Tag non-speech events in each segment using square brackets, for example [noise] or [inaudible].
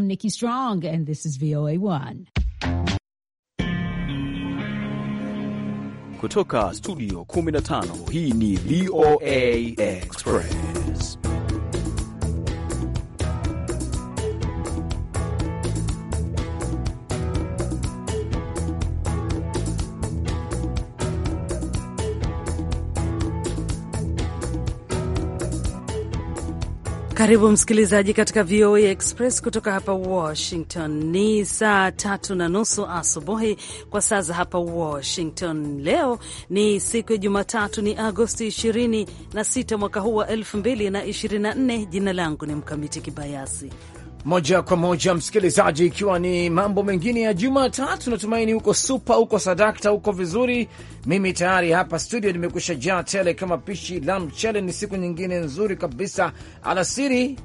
I'm Nikki Strong, and this is VOA1. Kutoka studio 15, hii ni VOA Express. Karibu msikilizaji katika VOA Express kutoka hapa Washington. Ni saa tatu na nusu asubuhi kwa saa za hapa Washington. Leo ni siku ya Jumatatu, ni Agosti 26 mwaka huu wa 2024. Jina langu ni Mkamiti Kibayasi moja kwa moja msikilizaji, ikiwa ni mambo mengine ya Jumatatu, natumaini huko supa, huko sadakta, huko vizuri. Mimi tayari hapa studio nimekusha jaa tele kama pishi la mchele. Ni siku nyingine nzuri kabisa alasiri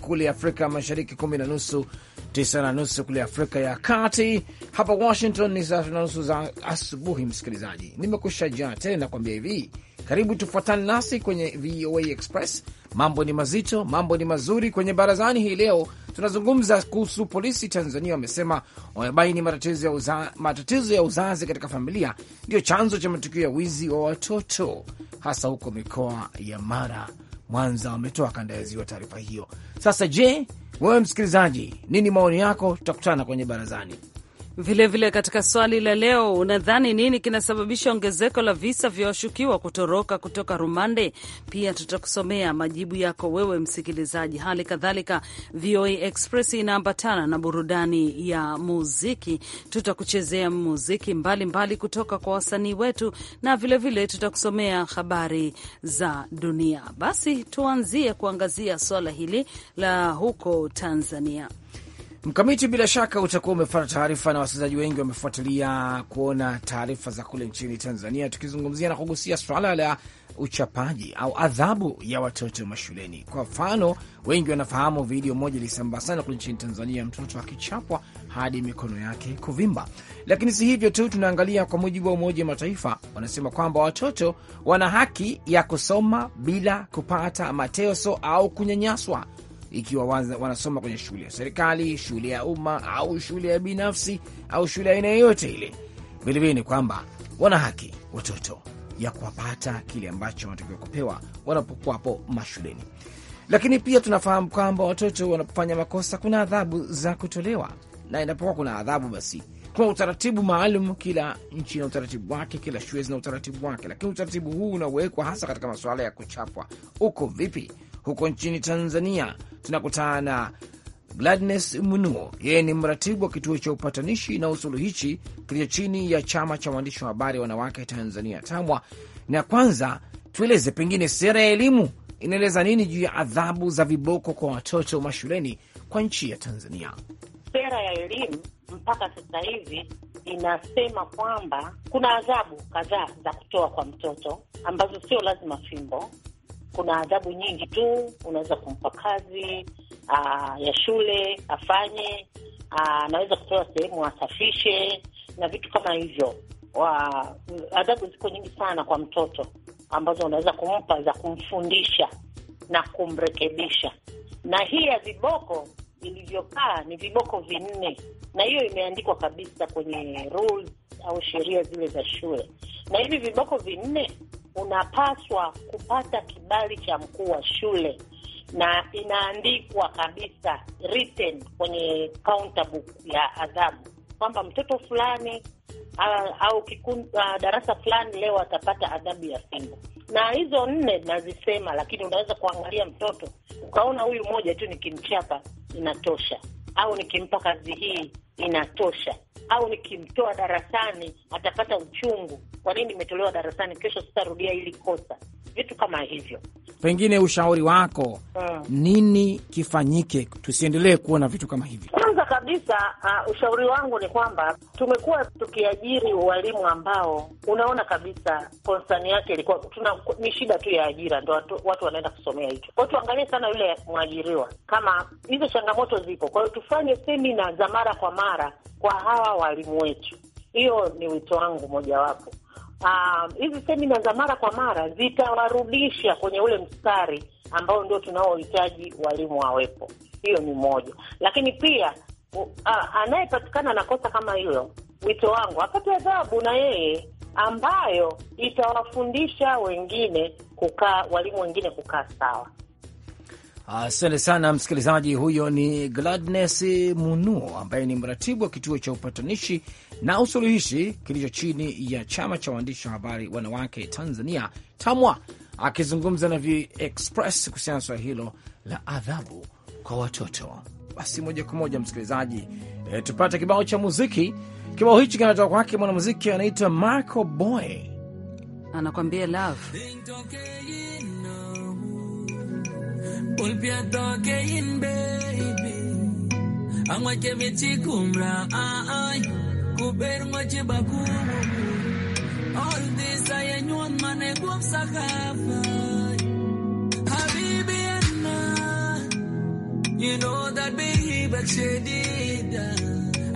kule Afrika Mashariki, kumi na nusu tisa na nusu kule Afrika ya Kati. Hapa Washington ni saa na nusu za asubuhi. Msikilizaji, nimekusha jaa tele, nakwambia hivi karibu tufuatane nasi kwenye VOA Express. Mambo ni mazito, mambo ni mazuri kwenye barazani hii leo. Tunazungumza kuhusu polisi Tanzania wamesema wamebaini matatizo ya, uza, matatizo ya uzazi katika familia ndio chanzo cha matukio ya wizi wa watoto hasa huko mikoa ya Mara, Mwanza. Wametoa kanda ya ziwa taarifa hiyo. Sasa je, wewe msikilizaji, nini maoni yako? Tutakutana kwenye barazani. Vilevile vile katika swali la leo, unadhani nini kinasababisha ongezeko la visa vya washukiwa kutoroka kutoka rumande? Pia tutakusomea majibu yako wewe msikilizaji. Hali kadhalika, VOA Express inaambatana na burudani ya muziki, tutakuchezea muziki mbalimbali mbali kutoka kwa wasanii wetu, na vilevile tutakusomea habari za dunia. Basi tuanzie kuangazia swala hili la huko Tanzania. Mkamiti, bila shaka utakuwa umefata taarifa na wasikilizaji wengi wamefuatilia kuona taarifa za kule nchini Tanzania, tukizungumzia na kugusia swala la uchapaji au adhabu ya watoto mashuleni. Kwa mfano, wengi wanafahamu video moja ilisambaa sana kule nchini Tanzania, mtoto akichapwa hadi mikono yake kuvimba. Lakini si hivyo tu, tunaangalia kwa mujibu wa Umoja wa Mataifa, wanasema kwamba watoto wana haki ya kusoma bila kupata mateso au kunyanyaswa ikiwa wanasoma kwenye shule ya serikali, shule ya umma au shule ya binafsi au shule ya aina yoyote ile. Vilevile ni kwamba wana haki watoto ya kuwapata kile ambacho wanatakiwa kupewa wanapokuwapo mashuleni. Lakini pia tunafahamu kwamba watoto wanapofanya makosa kuna adhabu za kutolewa, na inapokuwa kuna adhabu, basi kuna utaratibu maalum. Kila nchi na utaratibu wake, kila shule zina utaratibu wake, lakini utaratibu huu unawekwa hasa katika masuala ya kuchapwa. Uko vipi? huko nchini Tanzania tunakutana na Gladness Mnuo, yeye ni mratibu wa kituo cha upatanishi na usuluhishi kilicho chini ya chama cha waandishi wa habari wanawake Tanzania, TAMWA. Na kwanza tueleze pengine sera ya elimu inaeleza nini juu ya adhabu za viboko kwa watoto mashuleni kwa nchi ya Tanzania? Sera ya elimu mpaka sasa hivi inasema kwamba kuna adhabu kadhaa za kutoa kwa mtoto ambazo sio lazima fimbo kuna adhabu nyingi tu, unaweza kumpa kazi aa, ah, ya shule afanye, ah, anaweza kupewa sehemu asafishe na vitu kama hivyo. Adhabu ziko nyingi sana kwa mtoto ambazo unaweza kumpa za kumfundisha na kumrekebisha. Na hii ya viboko ilivyokaa ni viboko vinne, na hiyo imeandikwa kabisa kwenye rules au sheria zile za shule, na hivi viboko vinne unapaswa kupata kibali cha mkuu wa shule na inaandikwa kabisa written kwenye counter book ya adhabu kwamba mtoto fulani au, kikundi, uh, darasa fulani leo atapata adhabu ya fimbo. Na hizo nne nazisema, lakini unaweza kuangalia mtoto ukaona huyu mmoja tu nikimchapa inatosha au nikimpa kazi hii inatosha, au nikimtoa darasani atapata uchungu. Kwa nini nimetolewa darasani? Kesho sitarudia hili kosa, vitu kama hivyo pengine ushauri wako mm, nini kifanyike tusiendelee kuona vitu kama hivi? Kwanza kabisa uh, ushauri wangu ni kwamba tumekuwa tukiajiri walimu ambao unaona kabisa konsani yake ilikuwa tuna ni shida tu ya ajira, ndo watu, watu wanaenda kusomea hicho kwao. Tuangalie sana yule mwajiriwa, kama hizo changamoto zipo. Kwa hiyo tufanye semina za mara kwa mara kwa hawa walimu wetu. Hiyo ni wito wangu mojawapo. Ah, hizi um, semina za mara kwa mara zitawarudisha kwenye ule mstari ambao ndio tunaohitaji walimu wawepo. Hiyo ni moja, lakini pia uh, anayepatikana na kosa kama hilo, wito wangu apate adhabu na yeye ambayo itawafundisha wengine kukaa, walimu wengine kukaa sawa. Asante sana msikilizaji. Huyo ni Gladness Munuo ambaye ni mratibu wa kituo cha upatanishi na usuluhishi kilicho chini ya chama cha waandishi wa habari wanawake Tanzania, TAMWA, akizungumza na VOA Express kuhusiana na swala hilo la adhabu kwa watoto. Basi moja kwa moja msikilizaji, e, tupate kibao cha muziki. Kibao hichi kinatoka kwake mwanamuziki anaitwa Marco Boy, anakwambia love Pull Ulpia toke in baby I'm Angwa chebe chikumra ay ah, ah, Kuber ngwa cheba kumu All this I ain't one man e guam sakafay Habibi anna You know that baby but shadida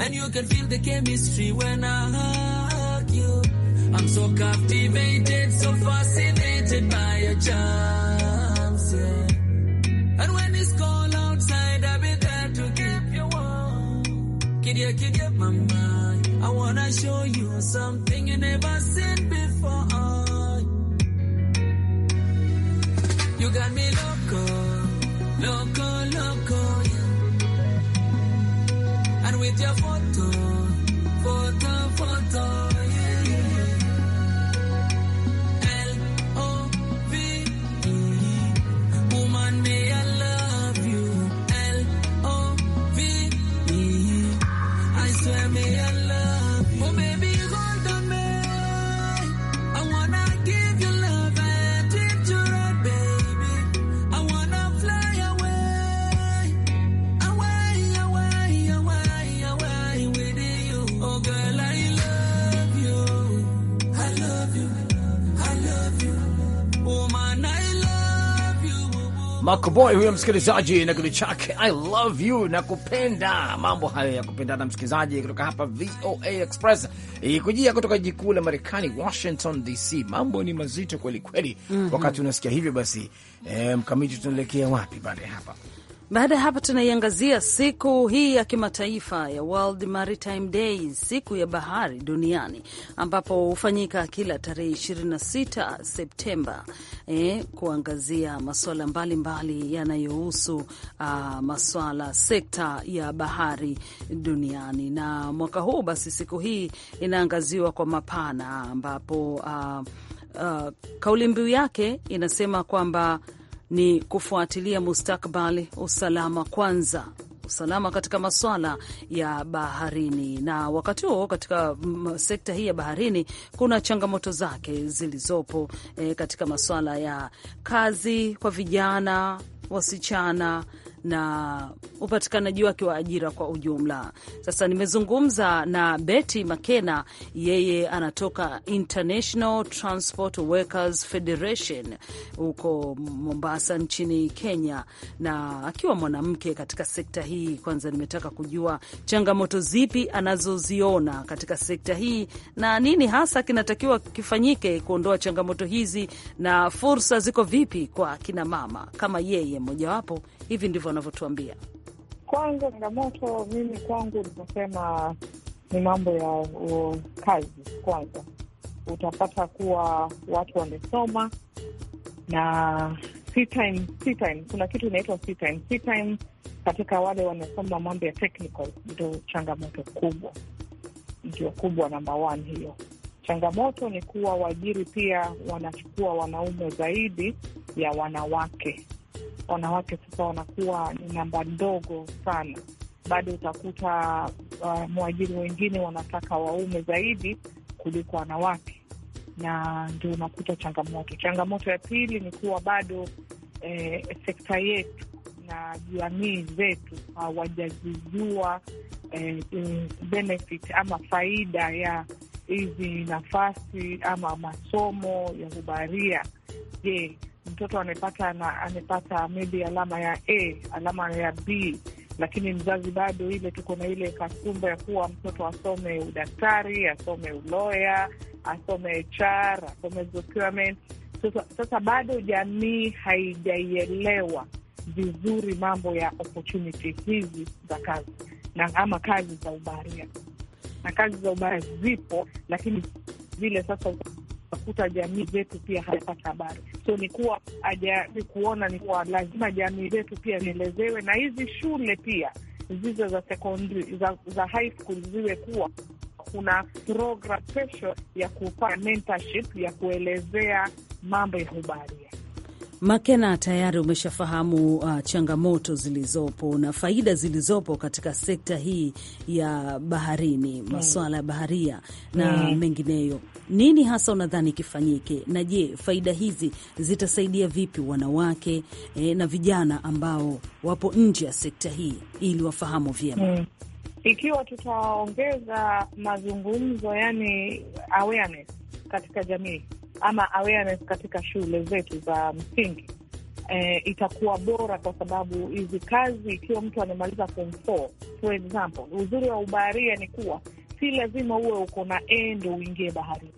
And you can feel the chemistry when I hug you I'm so captivated, so fascinated by your charms, yeah. idea to get my mind. I wanna show you something you never seen before. You got me loco, loco, loco, yeah. And with your photo, photo, photo. Boy huyo msikilizaji na kitu chake I love you na kupenda. Mambo hayo ya kupendana, msikilizaji, kutoka hapa VOA Express ikujia kutoka jiji kuu la Marekani, Washington DC. Mambo ni mazito kweli kweli. mm -hmm. Wakati unasikia hivyo basi, eh, mkamiti, tunaelekea wapi baada ya hapa? Baada ya hapa tunaiangazia siku hii ya kimataifa ya World Maritime Day, siku ya bahari duniani, ambapo hufanyika kila tarehe 26 Septemba eh, kuangazia masuala mbalimbali yanayohusu uh, masuala sekta ya bahari duniani. Na mwaka huu basi siku hii inaangaziwa kwa mapana, ambapo uh, uh, kauli mbiu yake inasema kwamba ni kufuatilia mustakbali usalama kwanza usalama katika maswala ya baharini. Na wakati huo katika mm, sekta hii ya baharini kuna changamoto zake zilizopo e, katika maswala ya kazi kwa vijana wasichana na upatikanaji wake wa ajira kwa ujumla. Sasa nimezungumza na Betty Makena, yeye anatoka International Transport Workers Federation huko Mombasa nchini Kenya, na akiwa mwanamke katika sekta hii, kwanza nimetaka kujua changamoto zipi anazoziona katika sekta hii na nini hasa kinatakiwa kifanyike kuondoa changamoto hizi, na fursa ziko vipi kwa kinamama kama yeye mojawapo Hivi ndivyo wanavyotuambia. Kwanza changamoto mimi kwangu nikusema ni mambo ya uh, kazi. Kwanza utapata kuwa watu wamesoma na time, time. Kuna kitu inaitwa time. time katika wale wanasoma mambo ya technical ndio changamoto kubwa, ndio kubwa namba one hiyo. Changamoto ni kuwa waajiri pia wanachukua wanaume zaidi ya wanawake wanawake sasa wanakuwa ni namba ndogo sana. Bado utakuta uh, mwajiri wengine wanataka waume zaidi kuliko wanawake, na ndio unakuta changamoto. Changamoto ya pili ni kuwa bado eh, sekta yetu na jamii zetu hawajazijua eh, benefit ama faida ya hizi nafasi ama masomo ya ubaria. Je, mtoto amepata na amepata maybe alama ya A, alama ya B, lakini mzazi bado ile, tuko na ile kasumba ya kuwa mtoto asome udaktari, asome uloya, asome HR, asome procurement. Sasa bado jamii haijaielewa vizuri mambo ya opportunity hizi za kazi na ama kazi za ubaharia, na kazi za ubaharia zipo, lakini vile sasa utakuta jamii zetu pia hajapata habari. So ni kuwa ni kuona ni kuwa lazima jamii zetu pia zielezewe, na hizi shule pia zizo za sekondari za, za high school ziwe kuwa kuna program special ya kupa mentorship ya kuelezea mambo ya hubaria Makena, tayari umeshafahamu uh, changamoto zilizopo na faida zilizopo katika sekta hii ya baharini, mm. masuala ya baharia na mm, mengineyo. Nini hasa unadhani kifanyike, na je, faida hizi zitasaidia vipi wanawake eh, na vijana ambao wapo nje ya sekta hii ili wafahamu vyema? Mm, ikiwa tutaongeza mazungumzo, yani awareness katika jamii ama awareness katika shule zetu za msingi eh, itakuwa bora kwa sababu hizi kazi, ikiwa mtu amemaliza form four for example, uzuri wa ubaharia ni kuwa si lazima uwe uko na A ndo uingie baharini.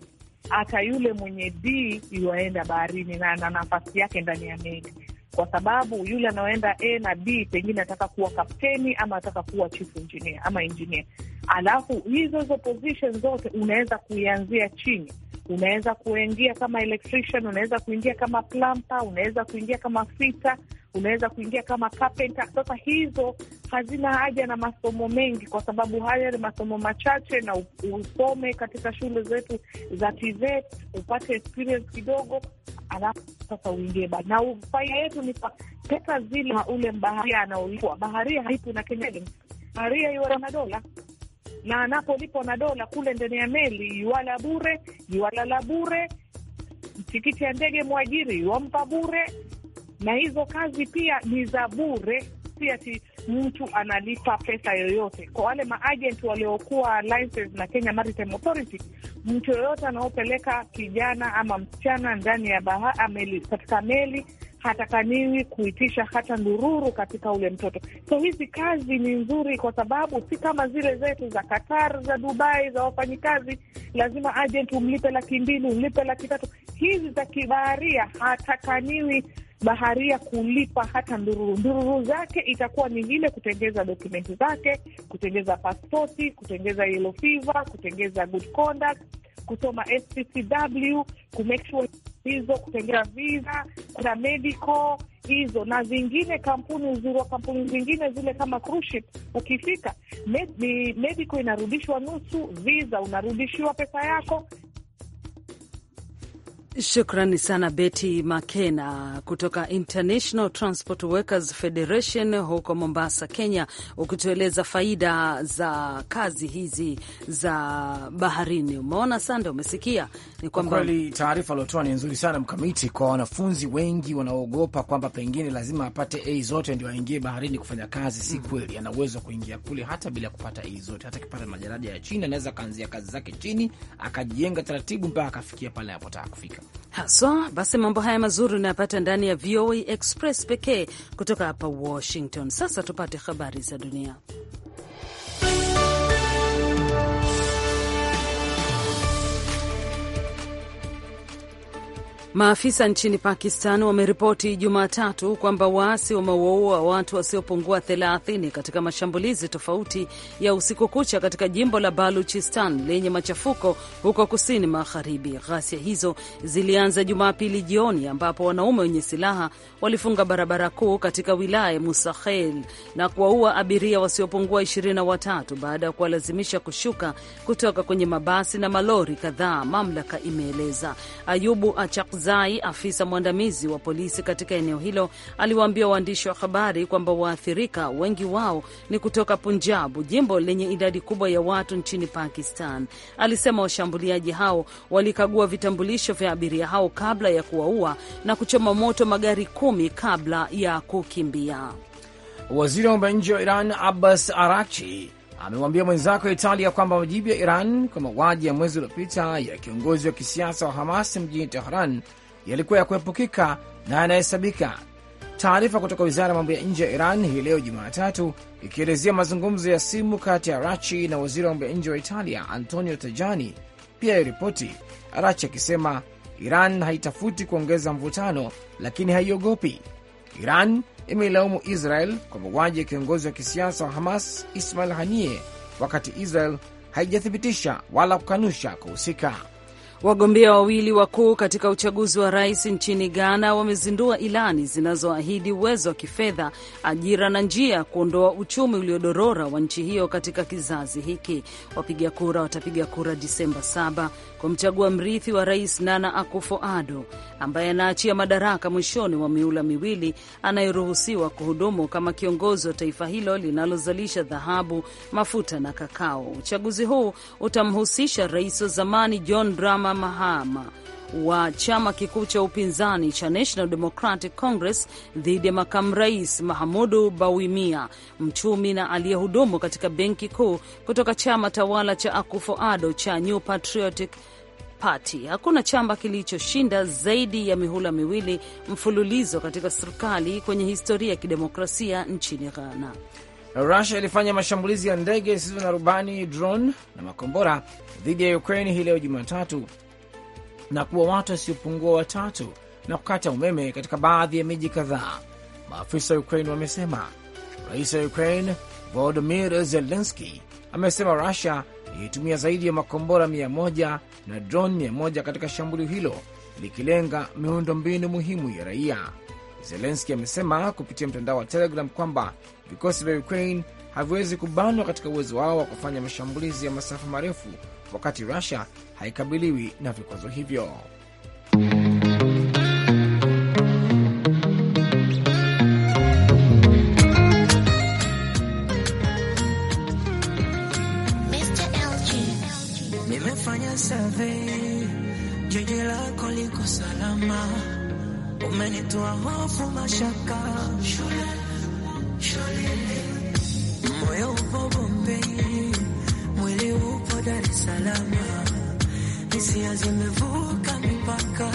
Hata yule mwenye D yuaenda baharini na ana nafasi yake ndani ya meli, kwa sababu yule anaoenda A na B pengine ataka kuwa kapteni ama ataka kuwa chief engineer ama engineer. Alafu hizo hizo position zote unaweza kuianzia chini unaweza kuingia kama electrician, unaweza kuingia kama plumber, unaweza kuingia kama fita, unaweza kuingia kama carpenter. Sasa hizo hazina haja na masomo mengi, kwa sababu haya ni masomo machache, na usome katika shule zetu za TVET upate experience kidogo, alafu sasa uingie ba na faida yetu ni pesa zile, ule mbaharia anaolipwa. Baharia haipo na Kenya, baharia na dola na anapolipwa na dola kule ndani ya meli, yuwala bure, yuwalala bure, tikiti ya ndege mwajiri yuwampa bure, na hizo kazi pia ni za bure si ati mtu analipa pesa yoyote. Kwa wale maajenti waliokuwa licensed na Kenya Maritime Authority, mtu yoyote anaopeleka kijana ama msichana ndani ya baha, ameli, katika meli hatakaniwi kuitisha hata ndururu katika ule mtoto. So hizi kazi ni nzuri, kwa sababu si kama zile zetu za Qatar, za Dubai, za wafanyikazi lazima agent umlipe laki mbili, umlipe laki tatu. Hizi za kibaharia hatakaniwi baharia kulipa hata ndururu. Ndururu zake itakuwa ni ile kutengeza dokumenti zake, kutengeza paspoti, kutengeza yellow fever, kutengeza good conduct kusoma SPCW, kumake sure hizo, kutengea visa, kuna medical hizo na zingine kampuni, uzuri wa kampuni zingine zile kama cruise ship, ukifika med, medical inarudishwa nusu, visa unarudishiwa pesa yako, Shukrani sana Betty Makena kutoka International Transport Workers Federation huko Mombasa, Kenya, ukitueleza faida za kazi hizi za baharini. Umeona Sande, umesikia ni kwamba kweli taarifa aliotoa ni nzuri sana mkamiti, kwa wanafunzi wengi wanaoogopa kwamba pengine lazima apate A zote ndio aingie baharini kufanya kazi. Si mm. kweli, ana uwezo wa kuingia kule hata bila kupata A zote. Hata akipata majaraja ya chini, anaweza akaanzia kazi zake chini, akajenga taratibu mpaka akafikia pale anapotaka kufika haswa. Basi mambo haya mazuri unayapata ndani ya VOA Express pekee kutoka hapa Washington. Sasa tupate habari za dunia. Maafisa nchini Pakistan wameripoti Jumatatu kwamba waasi wamewaua watu wasiopungua 30 katika mashambulizi tofauti ya usiku kucha katika jimbo la Baluchistan lenye machafuko huko kusini magharibi. Ghasia hizo zilianza Jumapili jioni, ambapo wanaume wenye silaha walifunga barabara kuu katika wilaya ya Musahel na kuwaua abiria wasiopungua 23 baada ya kuwalazimisha kushuka kutoka kwenye mabasi na malori kadhaa, mamlaka imeeleza. Ayubu Achak Zai, afisa mwandamizi wa polisi katika eneo hilo, aliwaambia waandishi wa habari kwamba waathirika wengi wao ni kutoka Punjabu, jimbo lenye idadi kubwa ya watu nchini Pakistan. Alisema washambuliaji hao walikagua vitambulisho vya abiria hao kabla ya kuwaua na kuchoma moto magari kumi kabla ya kukimbia. Waziri wa mambo ya nje wa Iran Abbas Arachi amemwambia mwenzako Italia kwamba majibu ya Iran kwa mauaji ya mwezi uliopita ya kiongozi wa kisiasa wa Hamas mjini Tehran yalikuwa ya kuepukika na yanahesabika. Taarifa kutoka wizara ya mambo ya nje ya Iran hii leo Jumatatu ikielezea mazungumzo ya simu kati ya Rachi na waziri wa mambo ya nje wa Italia Antonio Tajani pia iripoti, Rachi akisema Iran haitafuti kuongeza mvutano, lakini haiogopi. Iran imeilaumu Israel kwa mauaji ya kiongozi wa kisiasa wa Hamas Ismail Haniyeh, wakati Israel haijathibitisha wala kukanusha kuhusika. Wagombea wawili wakuu katika uchaguzi wa rais nchini Ghana wamezindua ilani zinazoahidi uwezo wa kifedha, ajira na njia ya kuondoa uchumi uliodorora wa nchi hiyo katika kizazi hiki. Wapiga kura watapiga kura Disemba 7 kumchagua mrithi wa rais Nana Akufo-Addo ambaye anaachia madaraka mwishoni mwa miula miwili, anayeruhusiwa kuhudumu kama kiongozi wa taifa hilo linalozalisha dhahabu, mafuta na kakao. Uchaguzi huu utamhusisha rais wa zamani John Drama Mahama wa chama kikuu cha upinzani cha National Democratic Congress dhidi ya makamu rais Mahamudu Bawumia, mchumi na aliyehudumu katika benki kuu kutoka chama tawala cha Akufo-Addo cha New Patriotic Party. Hakuna chama kilichoshinda zaidi ya mihula miwili mfululizo katika serikali kwenye historia ya kidemokrasia nchini Ghana. Rusia ilifanya mashambulizi ya ndege zisizo na rubani drone na makombora dhidi ya Ukraine hii leo Jumatatu na kuwa watu wasiopungua watatu na kukata umeme katika baadhi ya miji kadhaa, maafisa wa Ukraine wamesema. Rais wa Ukraine Volodimir Zelenski amesema Rusia ilitumia zaidi ya makombora 100 na drone 100 katika shambulio hilo likilenga miundo mbinu muhimu ya raia. Zelenski amesema kupitia mtandao wa Telegram kwamba vikosi vya Ukraine haviwezi kubanwa katika uwezo wao wa kufanya mashambulizi ya masafa marefu wakati Rusia haikabiliwi na vikwazo hivyo. Nimefanya survey, jiji lako liko salama umenitoa hofu, mashaka, moyo upo Bombei, mwili upo Dar es Salaam, hisia zimevuka mipaka.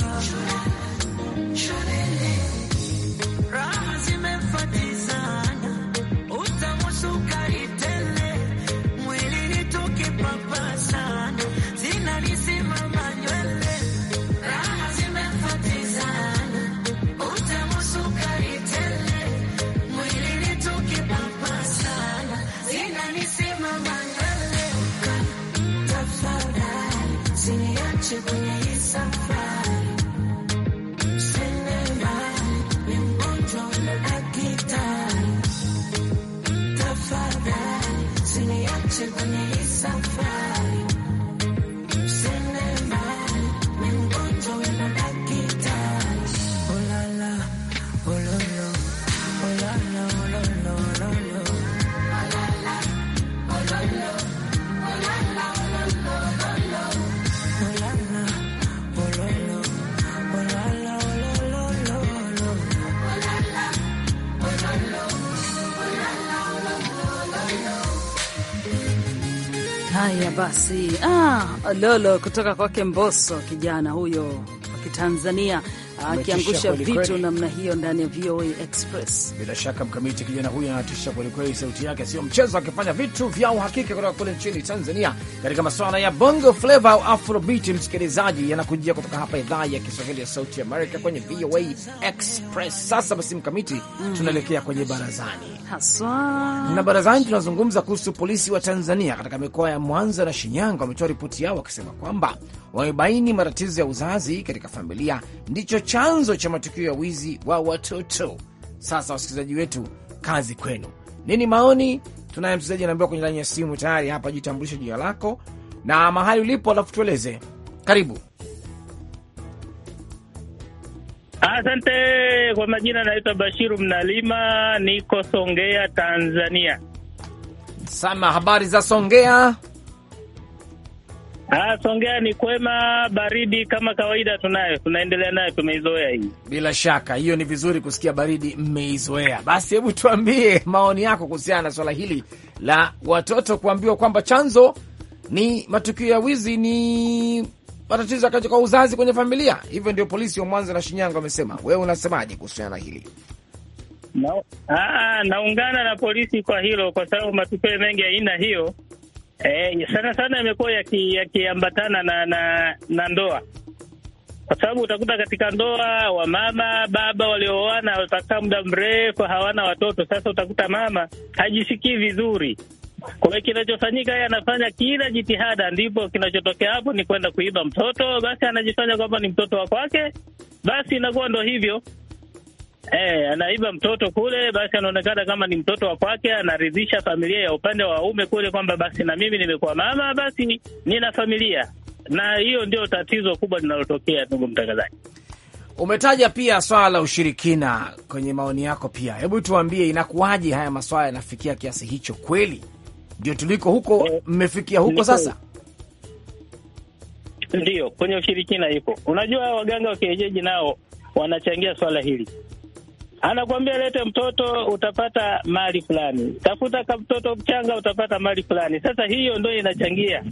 basi ah, lolo kutoka kwake mboso kijana huyo wa Kitanzania akiangusha vitu namna hiyo ndani ya VOA Express. Bila shaka mkamiti kijana huyo anatisha kwelikweli, sauti yake sio mchezo, akifanya vitu vya uhakika kutoka kule nchini Tanzania katika masuala ya bongo flava au afrobeat. Msikilizaji, yanakujia kutoka hapa idhaa ya Kiswahili ya sauti Amerika kwenye VOA Express. Sasa basi mkamiti, mm, tunaelekea kwenye barazani haswa, na barazani tunazungumza kuhusu polisi wa Tanzania katika mikoa ya Mwanza na Shinyanga wametoa ripoti yao wakisema kwamba wamebaini matatizo ya uzazi katika familia ndicho chanzo cha matukio ya wizi wa watoto. Sasa wasikilizaji wetu, kazi kwenu. Nini maoni? Tunaye msikilizaji anaambiwa kwenye laini ya simu tayari hapa. Jitambulishe jina lako na mahali ulipo, alafu tueleze. Karibu. Asante kwa majina, naitwa Bashiru Mnalima, niko Songea, Tanzania. Sama, habari za Songea? Ah, Songea ni kwema, baridi kama kawaida tunayo, tunaendelea nayo, tumeizoea hii. Bila shaka hiyo ni vizuri kusikia, baridi mmeizoea. Basi hebu tuambie maoni yako kuhusiana na swala hili la watoto kuambiwa kwamba chanzo ni matukio ya wizi ni matatizo kwa uzazi kwenye familia. Hivyo ndio polisi wa Mwanza na Shinyanga wamesema. Wewe unasemaje kuhusiana na hili? No. Ah, ah, naungana na polisi kwa hilo, kwa sababu matukio mengi ya aina hiyo Eh, sana sana yamekuwa yakiambatana na, na na ndoa, kwa sababu utakuta katika ndoa wamama baba waliooana watakaa muda mrefu hawana watoto. Sasa utakuta mama hajisikii vizuri, kwa hiyo kinachofanyika yeye anafanya kila jitihada, ndipo kinachotokea hapo ni kwenda kuiba mtoto, basi anajifanya kwamba ni mtoto wa kwake, basi inakuwa ndo hivyo eh, anaiba mtoto kule, basi anaonekana kama ni mtoto wa kwake, anaridhisha familia ya upande wa ume kule, kwamba basi na mimi nimekuwa mama, basi nina familia. Na hiyo ndio tatizo kubwa linalotokea, ndugu mtangazaji. Umetaja pia swala la ushirikina kwenye maoni yako pia. Hebu tuambie inakuwaje haya maswala yanafikia kiasi hicho? Kweli ndio tuliko huko, eh, mmefikia huko sasa? ndio kwenye ushirikina iko Unajua, waganga wa kienyeji nao wanachangia swala hili anakuambia lete mtoto utapata mali fulani, tafuta ka mtoto mchanga utapata mali fulani. Sasa hiyo ndo inachangia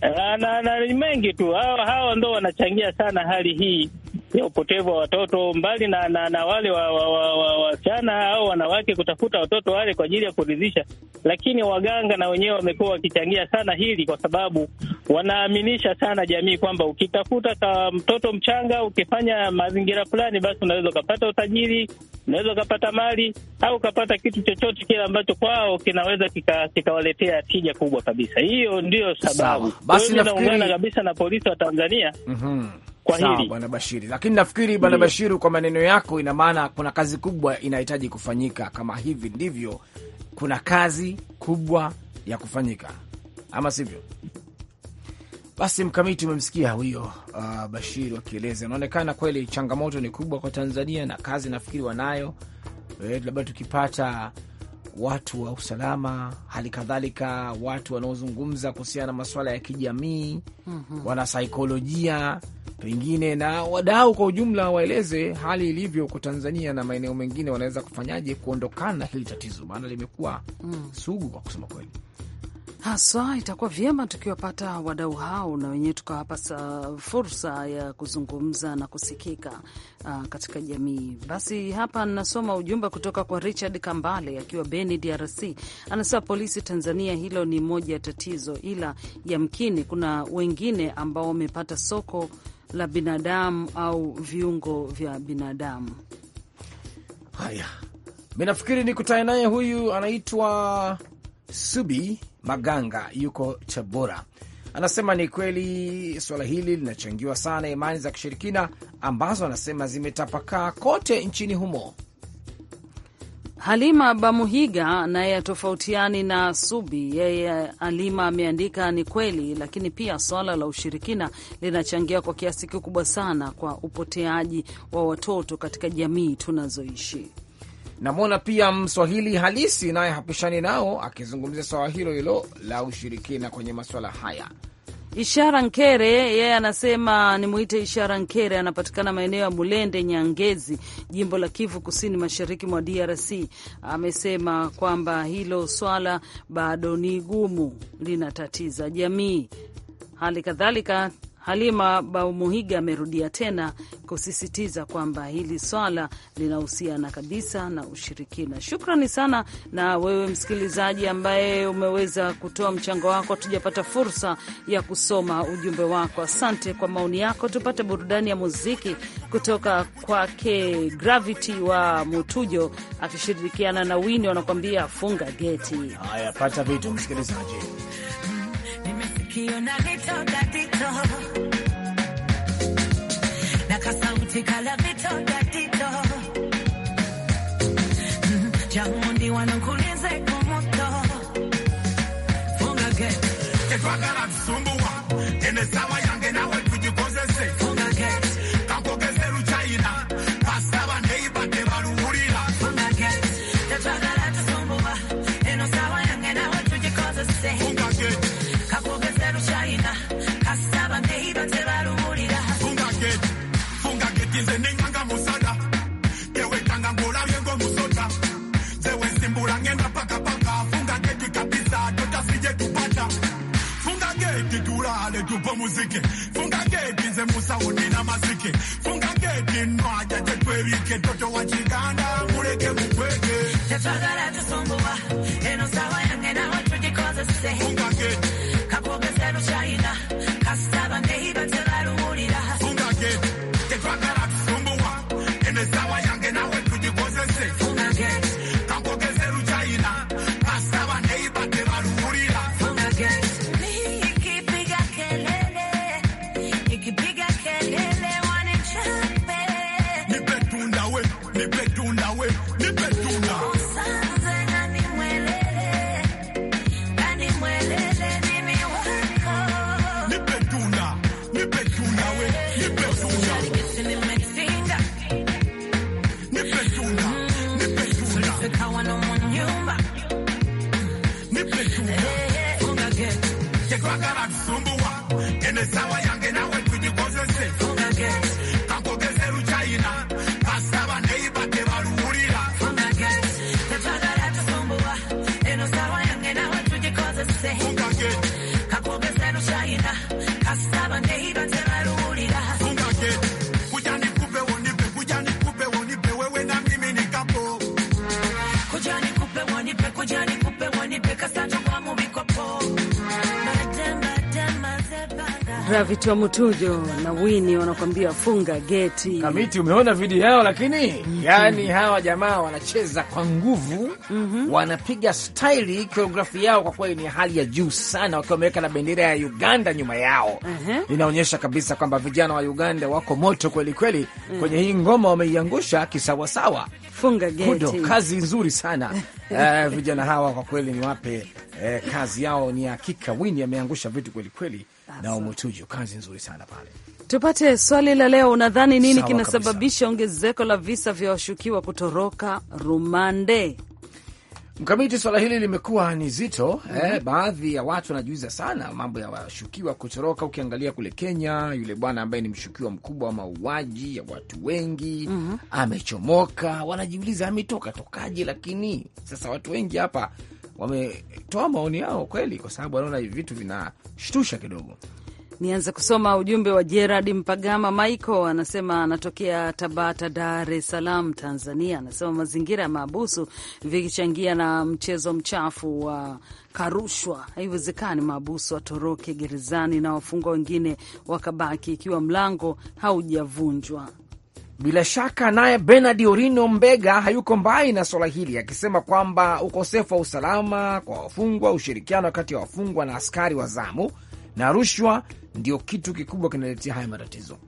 na, na, na mengi tu hawa ndo wanachangia sana hali hii upotevu wa watoto mbali na, na, na wale wa, wa, wa, wa, au wanawake kutafuta watoto wale kwa ajili ya kuridhisha, lakini waganga na wenyewe wamekuwa wakichangia sana hili, kwa sababu wanaaminisha sana jamii kwamba ukitafuta ka mtoto mchanga, ukifanya mazingira fulani, basi unaweza ukapata utajiri unaweza ukapata mali au ukapata kitu chochote kile ambacho kwao kinaweza kikawaletea kika tija kubwa kabisa. Hiyo ndiyo sababu basi naungana kabisa na polisi wa Tanzania mm -hmm. Sawa bwana Bashiri, lakini nafikiri bwana mm. Bashiri, kwa maneno yako, ina maana kuna kazi kubwa inahitaji kufanyika. Kama hivi ndivyo, kuna kazi kubwa ya kufanyika, ama sivyo? Basi mkamiti, umemsikia huyo uh, Bashir wakieleza, inaonekana kweli changamoto ni kubwa kwa Tanzania na kazi nafikiri wanayo, eh, labda tukipata watu wa usalama, hali kadhalika watu wanaozungumza kuhusiana na masuala ya kijamii mm -hmm. wanasaikolojia pengine na wadau kwa ujumla waeleze hali ilivyo kwa Tanzania na maeneo mengine, wanaweza kufanyaje kuondokana na hili tatizo, maana limekuwa mm. sugu kwa kusema kweli haswa. Itakuwa vyema tukiwapata wadau hao na wenyewe tukawapa fursa ya kuzungumza na kusikika uh, katika jamii. Basi hapa nasoma ujumbe kutoka kwa Richard Kambale akiwa Beni, DRC. Anasema polisi Tanzania, hilo ni moja ya tatizo, ila yamkini kuna wengine ambao wamepata soko la binadamu au viungo vya binadamu. Haya, mi nafikiri nikutane naye, huyu anaitwa Subi Maganga yuko Tabora anasema ni kweli suala hili linachangiwa sana imani za kishirikina ambazo anasema zimetapakaa kote nchini humo. Halima Bamuhiga naye atofautiani na Subi. Yeye Halima ameandika ni kweli, lakini pia swala la ushirikina linachangia kwa kiasi kikubwa sana kwa upoteaji wa watoto katika jamii tunazoishi. Namwona pia Mswahili halisi naye hapishani nao akizungumzia swala hilo hilo la ushirikina kwenye maswala haya. Ishara Nkere yeye anasema nimwite Ishara Nkere. Anapatikana maeneo ya Mulende Nyangezi, jimbo la Kivu Kusini, mashariki mwa DRC. Amesema kwamba hilo swala bado ni gumu, linatatiza jamii. Hali kadhalika Halima Baumuhiga amerudia tena kusisitiza kwamba hili swala linahusiana kabisa na ushirikina. Shukrani sana na wewe msikilizaji ambaye umeweza kutoa mchango wako, tujapata fursa ya kusoma ujumbe wako. Asante kwa maoni yako. Tupate burudani ya muziki kutoka kwake Gravity wa Mutujo akishirikiana na Wini wanakuambia funga geti. Haya, pata vitu msikilizaji ukiona lito gatito na kasauti kala vito gatito jamundi mm-hmm. wanakulize kumuto funga geti tetwaga na msumbua enesawa Tetwagala tusumbua wanaitwa Mutujo na Wini wanakuambia funga geti. Kamiti, umeona video yao lakini mm -hmm. Yani hawa jamaa wanacheza kwa nguvu mm -hmm. Wanapiga staili, koreografi yao kwa kweli ni hali ya juu sana, wakiwa wameweka na bendera ya Uganda nyuma yao mm -hmm. Inaonyesha kabisa kwamba vijana wa Uganda wako moto kweli kweli mm -hmm. Kwenye hii ngoma wameiangusha kisawasawa. Funga geti. Kudo, kazi nzuri sana uh, [laughs] vijana hawa kwa kweli ni wape uh, eh, kazi yao ni hakika. Wini ameangusha vitu kweli kweli na Umutuju, kazi nzuri sana pale. Tupate swali la leo, unadhani nini kinasababisha ongezeko la visa vya washukiwa kutoroka rumande? Mkamiti, swala hili limekuwa ni zito mm -hmm. Eh, baadhi ya watu wanajiuliza sana mambo ya washukiwa kutoroka. Ukiangalia kule Kenya, yule bwana ambaye ni mshukiwa mkubwa wa mauaji ya watu wengi mm -hmm. amechomoka, wanajiuliza ametoka tokaje? Lakini sasa watu wengi hapa wametoa maoni yao kweli, kwa sababu wanaona hivi vitu vinashtusha kidogo. Nianze kusoma ujumbe wa Gerard Mpagama Michael, anasema anatokea Tabata, Dar es Salaam, Tanzania. Anasema mazingira ya maabusu vikichangia na mchezo mchafu wa karushwa, haiwezekani maabusu watoroke gerezani na wafungwa wengine wakabaki ikiwa mlango haujavunjwa. Bila shaka naye Bernard Orino Mbega hayuko mbali na swala hili, akisema kwamba ukosefu wa usalama kwa wafungwa, ushirikiano kati ya wafungwa na askari wa zamu na rushwa ndio kitu kikubwa kinaletea haya matatizo.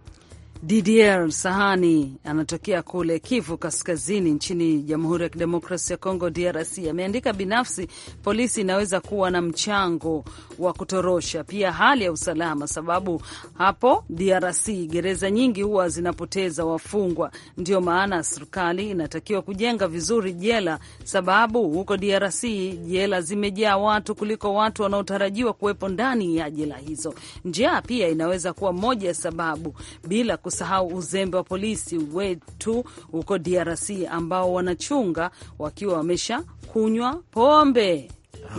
Didier Sahani anatokea kule Kivu Kaskazini nchini Jamhuri ya kidemokrasi ya Kongo, DRC. Ameandika binafsi, polisi inaweza kuwa na mchango wa kutorosha, pia hali ya usalama, sababu hapo DRC gereza nyingi huwa zinapoteza wafungwa. Ndio maana serikali inatakiwa kujenga vizuri jela, sababu huko DRC jela zimejaa watu kuliko watu wanaotarajiwa kuwepo ndani ya jela hizo. Njaa pia inaweza kuwa moja ya sababu bila kusahau uzembe wa polisi wetu huko DRC ambao wanachunga wakiwa wamesha kunywa pombe.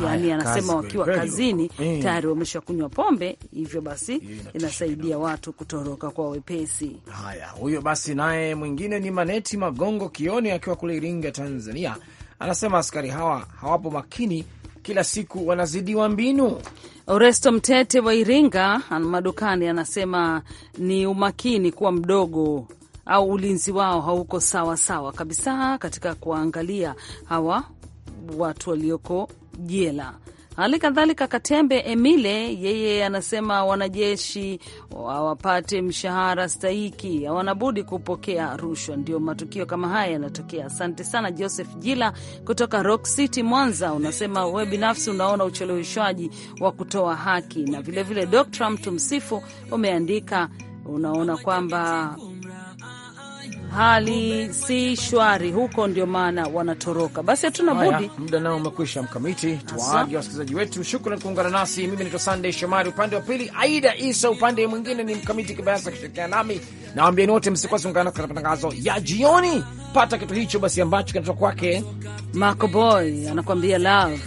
Yani anasema wakiwa kazini eh. tayari wamesha kunywa pombe, hivyo basi inasaidia watu kutoroka kwa wepesi. Haya, huyo basi. Naye mwingine ni Maneti Magongo kioni akiwa kule Iringa, Tanzania, anasema askari hawa hawapo makini kila siku wanazidiwa mbinu. Oresto Mtete wa Iringa madukani anasema ni umakini kuwa mdogo au ulinzi wao hauko sawa sawa kabisa katika kuwaangalia hawa watu walioko jela Hali kadhalika Katembe Emile yeye anasema wanajeshi wapate mshahara stahiki, hawanabudi kupokea rushwa, ndio matukio kama haya yanatokea. Asante sana Joseph Jila kutoka Rock City Mwanza, unasema we binafsi unaona ucheleweshwaji wa kutoa haki, na vilevile mtu msifu umeandika unaona kwamba hali si shwari huko, ndio maana wanatoroka. Basi hatuna budi, muda nao umekwisha. Mkamiti, tuwaage wasikilizaji wetu, shukran kuungana nasi. Mimi naitwa Sandey Shomari, upande wa pili Aida Isa, upande mwingine ni Mkamiti Kibayasi akishirikiana nami. nawambiani wote msikose ungana katika matangazo ya jioni. Pata kitu hicho basi ambacho kinatoka kwake Marco Boy anakuambia love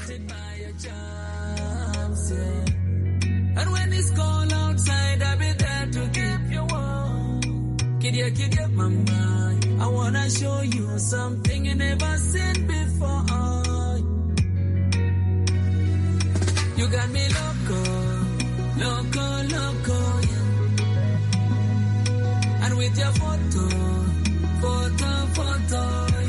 I wanna show you something you never seen before. You got me loco, loco, loco, yeah. And with your photo, photo, photo.